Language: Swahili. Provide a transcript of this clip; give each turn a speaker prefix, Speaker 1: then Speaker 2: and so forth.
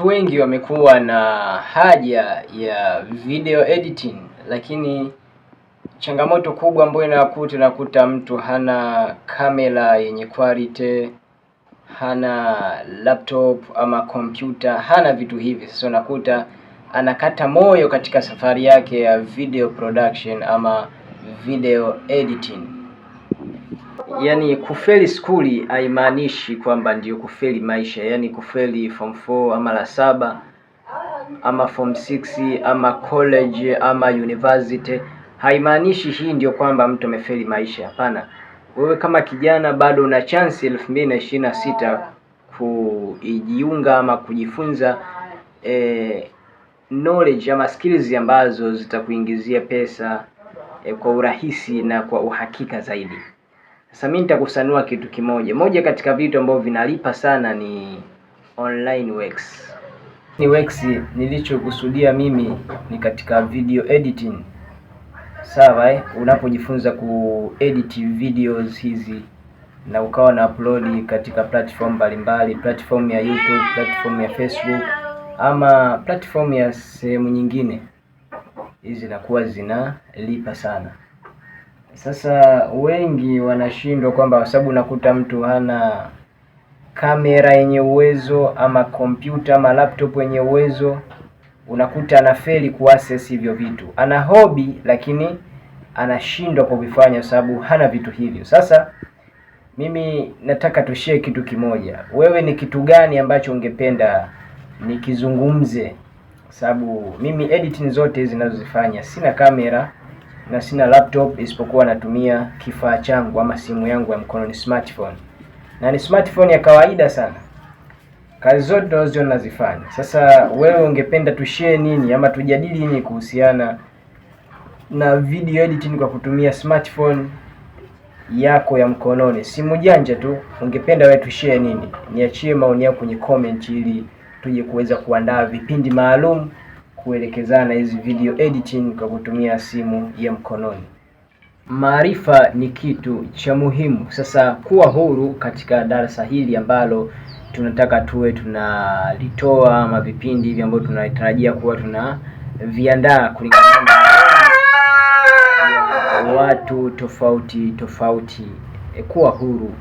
Speaker 1: watu wengi wamekuwa na haja ya video editing, lakini changamoto kubwa ambayo inakuta inakuta mtu hana kamera yenye quality, hana laptop ama kompyuta, hana vitu hivi. Sasa unakuta anakata moyo katika safari yake ya video production ama video editing yani kufeli skuli haimaanishi kwamba ndio kufeli maisha, yani kufeli form 4 ama la saba ama form 6 ama college ama university haimaanishi hii ndio kwamba mtu amefeli maisha. Hapana, wewe kama kijana bado una chansi elfu mbili na ishirini na sita kujiunga ama kujifunza eh, knowledge ama skills ambazo zitakuingizia pesa eh, kwa urahisi na kwa uhakika zaidi. Sasa mimi nitakusanua kitu kimoja. Moja katika vitu ambavyo vinalipa sana ni online works. Ni works nilichokusudia mimi ni katika video editing. Sawa eh? Unapojifunza kuedit videos hizi na ukawa na upload katika platform mbalimbali, platform ya YouTube, platform ya Facebook ama platform ya sehemu nyingine, hizi zinakuwa zinalipa sana. Sasa wengi wanashindwa kwamba kwa sababu unakuta mtu hana kamera yenye uwezo ama kompyuta ama laptop yenye uwezo, unakuta anafeli kuaccess hivyo vitu. Ana hobi lakini anashindwa kuvifanya sababu hana vitu hivyo. Sasa mimi nataka tushie kitu kimoja. Wewe ni kitu gani ambacho ungependa nikizungumze? Sababu mimi editing zote hizi ninazozifanya sina kamera na sina laptop isipokuwa natumia kifaa changu ama simu yangu ya mkono, ni smartphone, na ni smartphone ya kawaida sana. Kazi zote tunazoziona nazifanya. Sasa wewe ungependa tushare nini ama tujadili nini kuhusiana na video editing kwa kutumia smartphone yako ya mkononi, simu janja tu? Ungependa wewe tushare nini? Niachie maoni yako kwenye comment ili tuje kuweza kuandaa vipindi maalum kuelekezana hizi video editing kwa kutumia simu ya mkononi. Maarifa ni kitu cha muhimu. Sasa kuwa huru katika darasa hili ambalo tunataka tuwe tunalitoa ama vipindi hivi ambavyo tunatarajia kuwa tunaviandaa kulingana na watu tofauti tofauti. E, kuwa huru.